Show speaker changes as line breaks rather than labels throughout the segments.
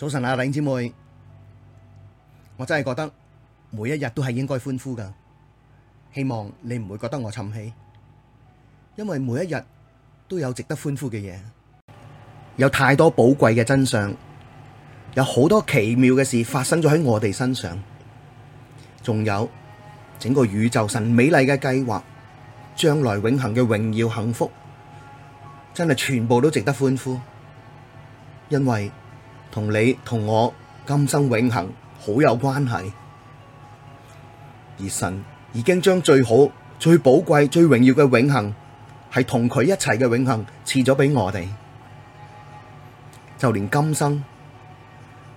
早晨啊，領姐妹，我真係覺得每一日都係應該歡呼㗎。希望你唔會覺得我沉氣，因為每一日都有值得歡呼嘅嘢，有太多寶貴嘅真相，有好多奇妙嘅事發生咗喺我哋身上，仲有整個宇宙神美麗嘅計劃，將來永恒嘅榮耀幸福，真係全部都值得歡呼，因為，同你同我今生永恆好有關係，而神已經將最好、最寶貴、最榮耀嘅永恆，係同佢一齊嘅永恆賜咗畀我哋。就連今生、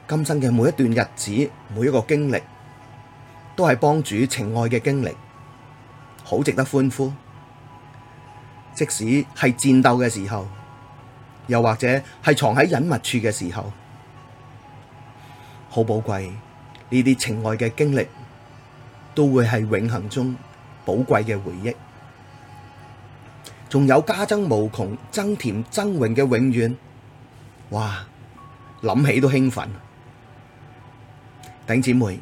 今生嘅每一段日子、每一個經歷，都係幫主情愛嘅經歷，好值得歡呼。即使係戰鬥嘅時候，又或者係藏喺隱密處嘅時候。好寶貴，呢啲情愛嘅經歷，都會係永恒中寶貴嘅回憶。仲有加增無窮增甜增榮嘅永遠，哇！諗起都興奮。頂姊妹，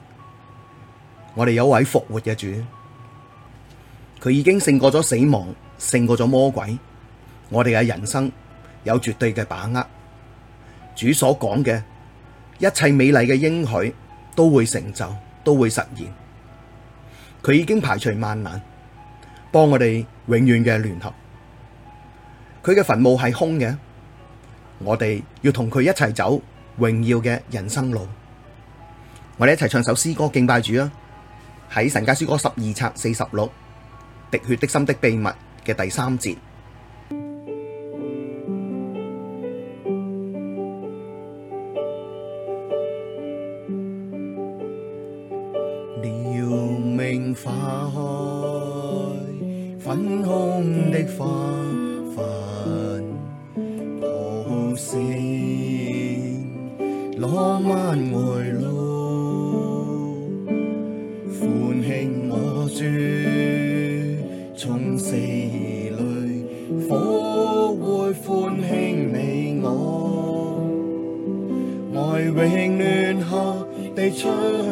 我哋有位復活嘅主，佢已經勝過咗死亡，勝過咗魔鬼。我哋嘅人生有絕對嘅把握。主所講嘅。一切美麗嘅應許都會成就，都會實現。佢已經排除萬難，幫我哋永遠嘅聯合。佢嘅墳墓係空嘅，我哋要同佢一齊走榮耀嘅人生路。我哋一齊唱首詩歌敬拜主啊！喺神家詩歌十二冊四十六，《滴血的心的秘密》嘅第三節。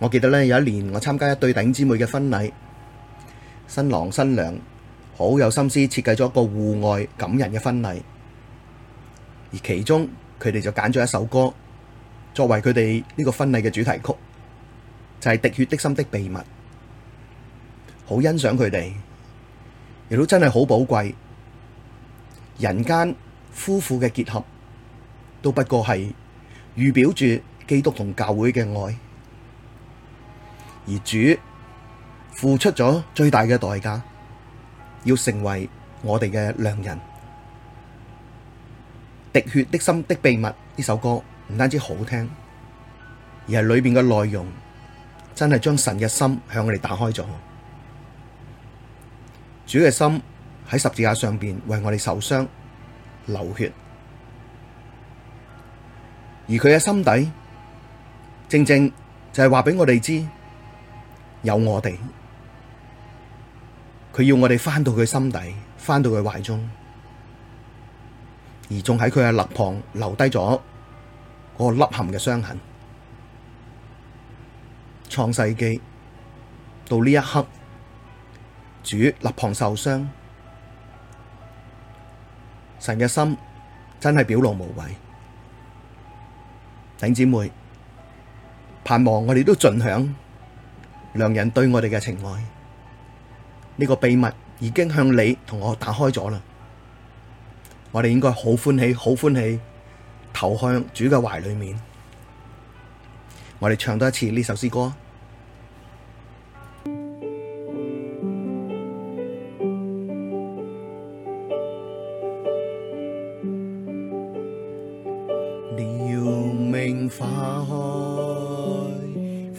我記得呢有一年我參加一對弟兄姊妹嘅婚禮，新郎新娘好有心思設計咗一個戶外感人嘅婚禮，而其中佢哋就揀咗一首歌作為佢哋呢個婚禮嘅主題曲，就係《滴血的心的秘密》，好欣賞佢哋，亦都真係好寶貴。人間夫婦嘅結合都不過係預表住基督同教會嘅愛。而主付出咗最大嘅代價，要成為我哋嘅良人。滴血的心的秘密，呢首歌唔單止好聽，而係裏邊嘅內容真係將神嘅心向我哋打開咗。主嘅心喺十字架上邊為我哋受傷流血，而佢嘅心底正正就係話俾我哋知，有我哋，佢要我哋翻到佢心底，翻到佢懷中，而仲喺佢嘅肋旁留低咗嗰個凹陷嘅傷痕。創世記到呢一刻，主肋旁受傷，神嘅心真係表露無遺。頂姊妹，盼望我哋都盡享。良人對我哋嘅情愛，呢個秘密已經向你同我打開咗啦，我哋應該好歡喜，好歡喜，投向主嘅懷裏面。我哋唱多一次呢首詩歌。
鳥鳴花開。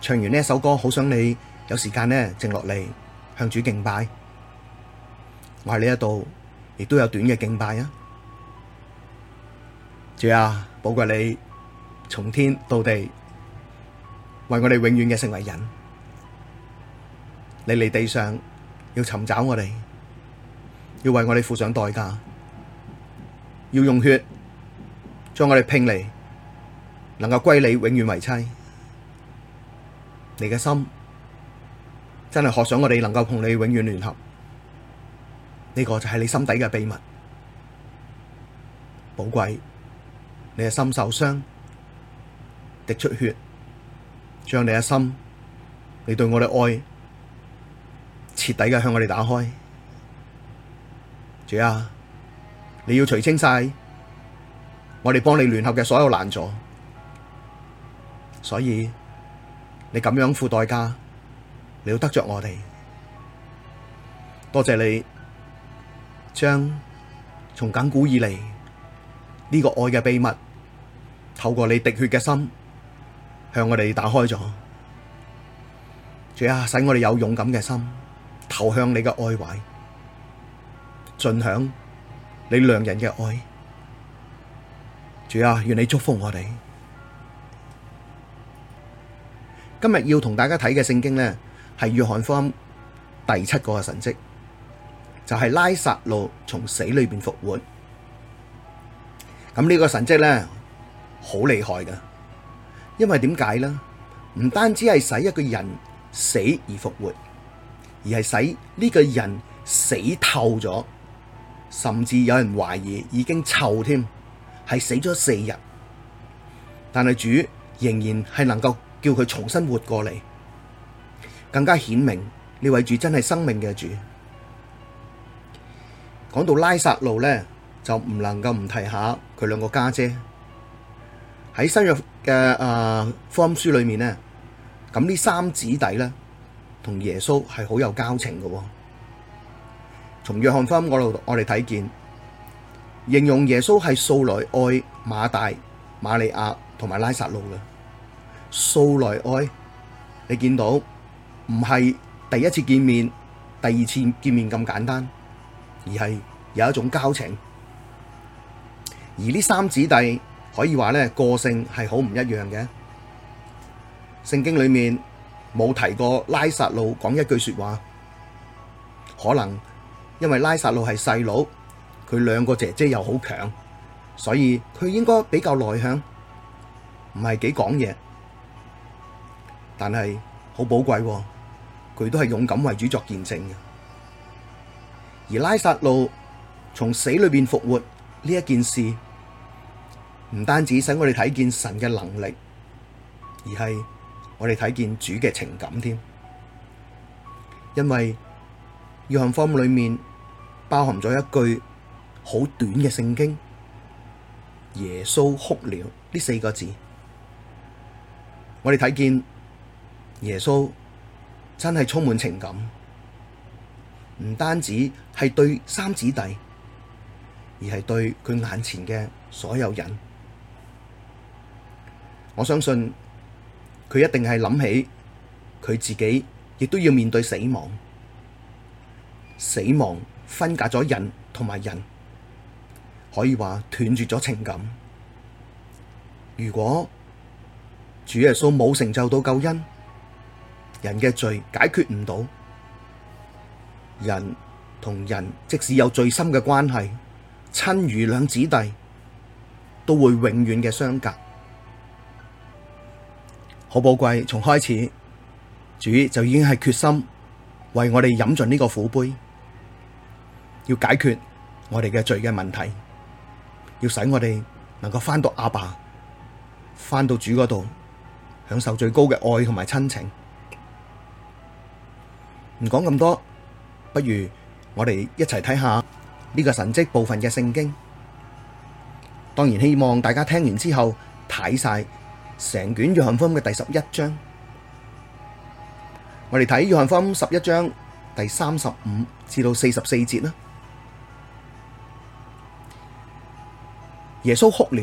唱完呢首歌，好想你有時間呢靜落嚟向主敬拜。我喺呢一度，亦都有短嘅敬拜啊！主啊，寶貴你從天到地為我哋永遠嘅成為人。你嚟地上要尋找我哋，要為我哋付上代價，要用血將我哋拼嚟，能夠歸你永遠為妻。你嘅心真係渴想我哋能夠同你永遠聯合，呢、這個就係你心底嘅秘密，寶貴。你嘅心受傷，滴出血，將你嘅心，你對我嘅愛徹底嘅向我哋打開，主啊，你要除清晒我哋幫你聯合嘅所有攔阻，所以。你咁樣付代價，你要得着我哋，多謝你將從亙古以嚟呢、這個愛嘅秘密，透過你滴血嘅心，向我哋打開咗。主啊，使我哋有勇敢嘅心，投向你嘅愛懷，盡享你良人嘅愛。主啊，願你祝福我哋。今日要同大家睇嘅聖經呢，係約翰福音第七個神蹟，就係拉撒路從死裏邊復活。咁呢個神蹟呢，好厲害噶，因為點解呢？唔單止係使一個人死而復活，而係使呢個人死透咗，甚至有人懷疑已經臭添，係死咗四日，但係主仍然係能夠。叫佢重新活過嚟，更加顯明呢位主真係生命嘅主。講到拉撒路呢，就唔能夠唔提下佢兩個家姐喺新約嘅啊、呃、福音書裏面呢，咁呢三子弟呢，同耶穌係好有交情嘅、哦。從約翰福音嗰度我哋睇見，形容耶穌係素來愛馬大、瑪利亞同埋拉撒路嘅。素來愛，你見到唔係第一次見面，第二次見面咁簡單，而係有一種交情。而呢三姊弟可以話呢個性係好唔一樣嘅。聖經裏面冇提過拉撒路講一句說話，可能因為拉撒路係細佬，佢兩個姐姐又好強，所以佢應該比較內向，唔係幾講嘢。但係好寶貴，佢都係勇敢為主作見證嘅。而拉撒路從死裏邊復活呢一件事，唔單止使我哋睇見神嘅能力，而係我哋睇見主嘅情感添。因為約翰福音裏面包含咗一句好短嘅聖經：耶穌哭了呢四個字。我哋睇見。耶穌真係充滿情感，唔單止係對三子弟，而係對佢眼前嘅所有人。我相信佢一定係諗起佢自己，亦都要面對死亡。死亡分隔咗人同埋人，可以話斷絕咗情感。如果主耶穌冇成就到救恩，人嘅罪解決唔到，人同人即使有最深嘅關係，親如兩姊弟，都會永遠嘅相隔。好寶貴，從開始主就已經係決心為我哋飲盡呢個苦杯，要解決我哋嘅罪嘅問題，要使我哋能夠返到阿爸，返到主嗰度，享受最高嘅愛同埋親情。唔講咁多，不如我哋一齊睇下呢個神蹟部分嘅聖經。當然希望大家聽完之後睇晒成卷約翰福音嘅第十一章。我哋睇約翰福音十一章第三十五至到四十四節啦。耶穌哭了，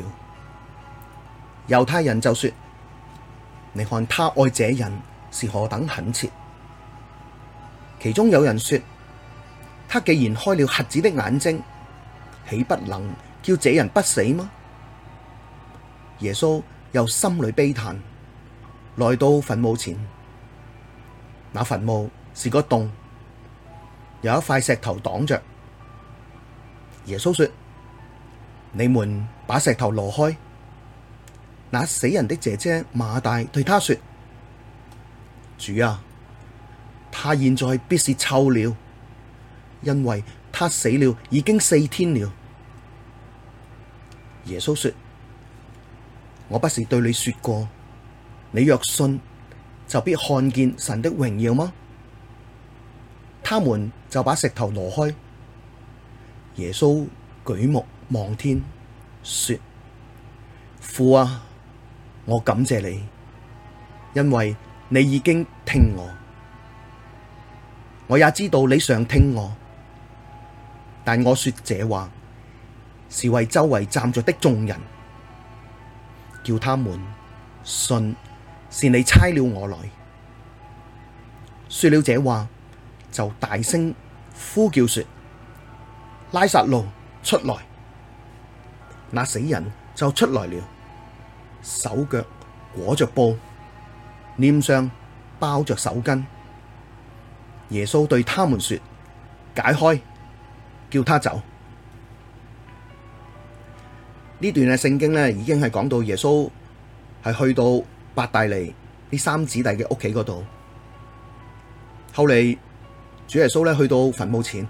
猶太人就說：你看他愛這人是何等懇切。其中有人說：他既然開了瞎子的眼睛，豈不能叫這人不死嗎？耶穌又心裡悲嘆，來到墳墓前，那墳墓是個洞，有一塊石頭擋着。耶穌說：你們把石頭挪開。那死人的姐姐馬大對他說：主啊！他現在必是臭了，因為他死了已經四天了。耶穌說：我不是對你說過，你若信，就必看見神的榮耀嗎？他們就把石頭挪開。耶穌舉目望天，說：父啊，我感謝你，因為你已經聽我。我也知道你常聽我，但我說這話是為周圍站着的眾人，叫他們信是你差了我來。說了這話，就大聲呼叫說：拉撒路出來！那死人就出來了，手腳裹着布，臉上包着手巾。耶穌對他們說：解開，叫他走。呢段嘅聖經咧，已經係講到耶穌係去到伯大尼呢三子弟嘅屋企嗰度。後嚟，主耶穌咧去到墳墓前，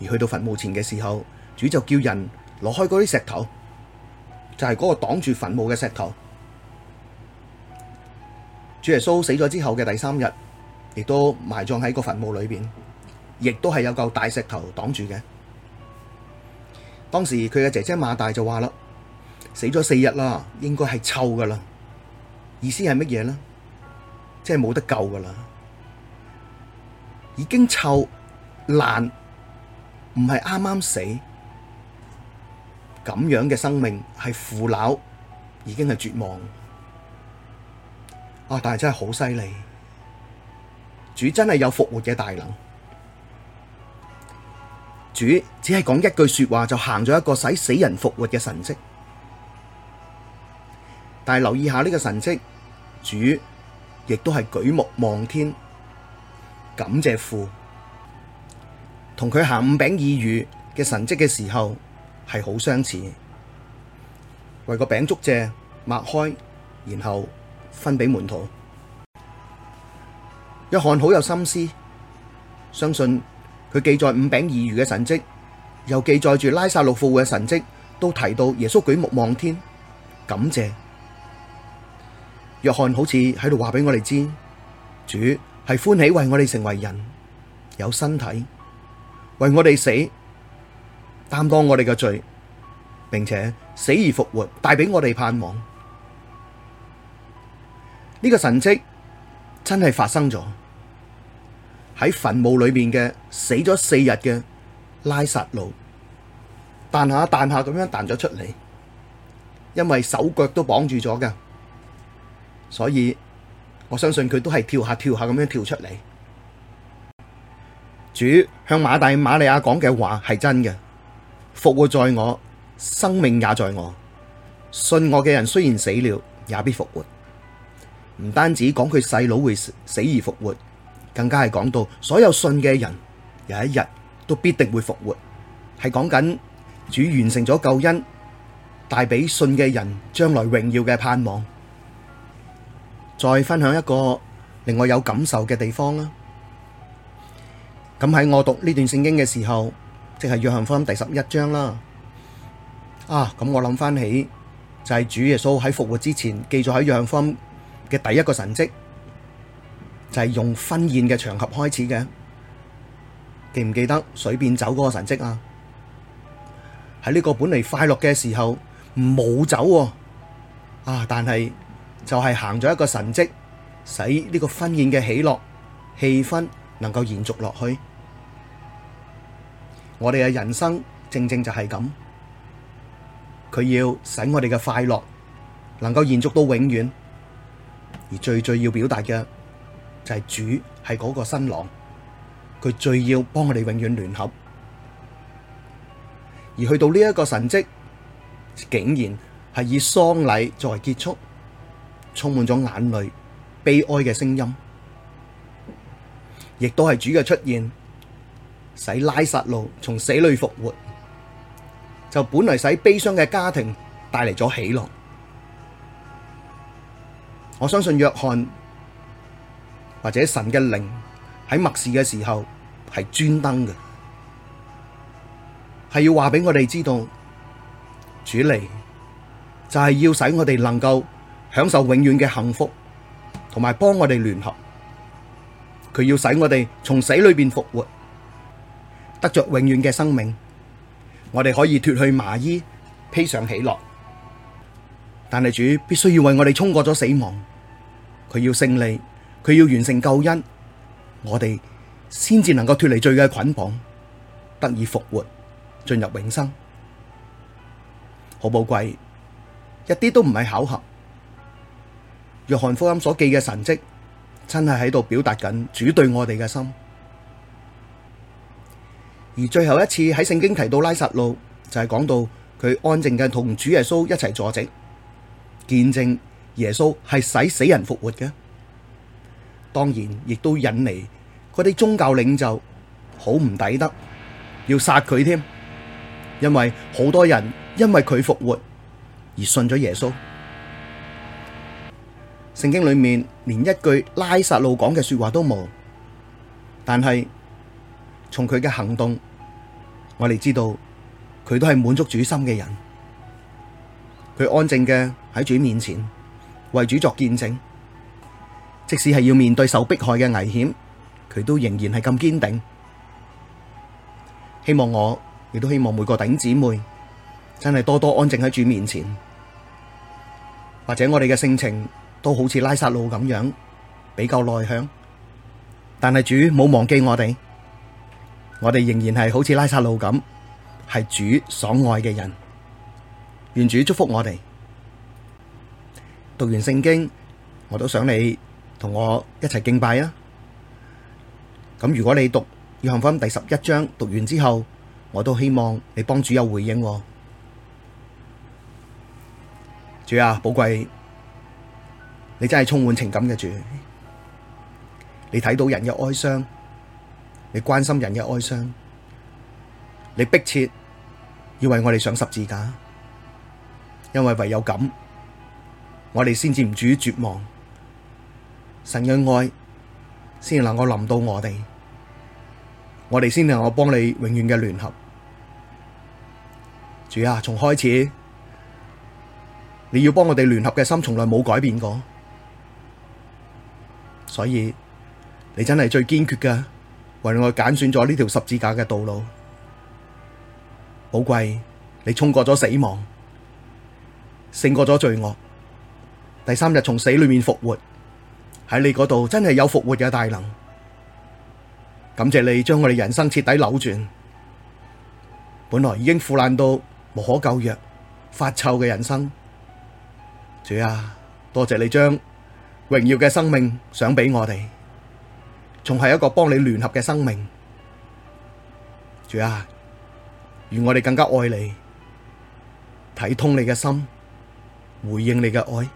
而去到墳墓前嘅時候，主就叫人攞開嗰啲石頭，就係、是、嗰個擋住墳墓嘅石頭。主耶穌死咗之後嘅第三日。亦都埋葬喺個墳墓裏邊，亦都係有嚿大石頭擋住嘅。當時佢嘅姐姐馬大就話啦：死咗四日啦，應該係臭噶啦。意思係乜嘢呢？即係冇得救噶啦，已經臭爛，唔係啱啱死。咁樣嘅生命係腐朽，已經係絕望。啊！但係真係好犀利。主真係有復活嘅大能，主只係講一句說話，就行咗一個使死人復活嘅神蹟，但係留意下呢個神蹟，主亦都係舉目望天，感謝父，同佢行五餅二魚嘅神蹟嘅時候係好相似，為個餅祝謝擘開，然後分俾門徒。約翰好有心思，相信佢記載五餅二魚嘅神迹，又記載住拉撒路復活嘅神迹，都提到耶穌舉目望天，感謝。約翰好似喺度話俾我哋知，主係歡喜為我哋成為人，有身體，為我哋死，擔當我哋嘅罪，並且死而復活，帶俾我哋盼望。呢、這個神迹真係發生咗。喺墳墓裏面嘅死咗四日嘅拉撒路彈下彈下咁樣彈咗出嚟，因為手腳都綁住咗噶，所以我相信佢都係跳下跳下咁樣跳出嚟。主向馬大馬利亞講嘅話係真嘅，復活在我，生命也在我，信我嘅人雖然死了，也必復活。唔單止講佢細佬會死，死而復活。更加係講到所有信嘅人，有一日都必定會復活，係講緊主完成咗救恩，帶俾信嘅人將來榮耀嘅盼望。再分享一個令我有感受嘅地方啦。咁喺我讀呢段聖經嘅時候，即係約翰福音第十一章啦。啊，咁我諗翻起就係主耶穌喺復活之前記載喺約翰福音嘅第一個神蹟。就係用婚宴嘅場合開始嘅，記唔記得水變酒嗰個神蹟啊？喺呢個本嚟快樂嘅時候冇走啊，啊！但係就係行咗一個神蹟，使呢個婚宴嘅喜樂氣氛能夠延續落去。我哋嘅人生正正就係咁，佢要使我哋嘅快樂能夠延續到永遠，而最最要表達嘅。就係主係嗰個新郎，佢最要幫我哋永遠聯合，而去到呢一個神蹟，竟然係以喪禮作為結束，充滿咗眼淚、悲哀嘅聲音，亦都係主嘅出現，使拉撒路從死裡復活，就本嚟，使悲傷嘅家庭帶嚟咗喜樂，我相信約翰。或者神嘅靈喺默示嘅時候係專登嘅，係要話俾我哋知道，主嚟，就係要使我哋能夠享受永遠嘅幸福，同埋幫我哋聯合。佢要使我哋從死裏邊復活，得着永遠嘅生命。我哋可以脫去麻衣，披上喜樂。但係主必須要為我哋衝過咗死亡，佢要勝利。佢要完成救恩，我哋先至能夠脫離罪嘅捆綁，得以復活，進入永生，好寶貴，一啲都唔係巧合。約翰福音所記嘅神蹟，真係喺度表達緊主對我哋嘅心。而最後一次喺聖經提到拉撒路，就係講到佢安靜嘅同主耶穌一齊坐席，見證耶穌係使死人復活嘅。當然，亦都引嚟嗰啲宗教領袖好唔抵得，要殺佢添，因為好多人因為佢復活而信咗耶穌。聖經裏面連一句拉撒路講嘅說話都冇，但係從佢嘅行動，我哋知道佢都係滿足主心嘅人，佢安靜嘅喺主面前為主作見證。即使係要面對受迫害嘅危險，佢都仍然係咁堅定。希望我亦都希望每個頂姊妹真係多多安靜喺主面前，或者我哋嘅性情都好似拉撒路咁樣比較內向，但係主冇忘記我哋，我哋仍然係好似拉撒路咁，係主所愛嘅人。願主祝福我哋。讀完聖經，我都想你。同我一齊敬拜啊！咁如果你讀約翰福音第十一章，讀完之後，我都希望你幫主有回應。主啊，寶貴，你真係充滿情感嘅主，你睇到人嘅哀傷，你關心人嘅哀傷，你迫切要為我哋上十字架，因為唯有咁，我哋先至唔至於絕望。神嘅愛先能夠臨到我哋，我哋先能夠幫你永遠嘅聯合。主啊，從開始你要幫我哋聯合嘅心，從來冇改變過。所以你真係最堅決㗎，為我揀選咗呢條十字架嘅道路。寶貴，你衝過咗死亡，勝過咗罪惡，第三日從死裡面復活。喺你嗰度真係有復活嘅大能，感謝你將我哋人生徹底扭轉，本來已經腐爛到無可救藥、發臭嘅人生，主啊，多謝你將榮耀嘅生命賞俾我哋，仲係一個幫你聯合嘅生命，主啊，願我哋更加愛你，睇通你嘅心，回應
你嘅愛。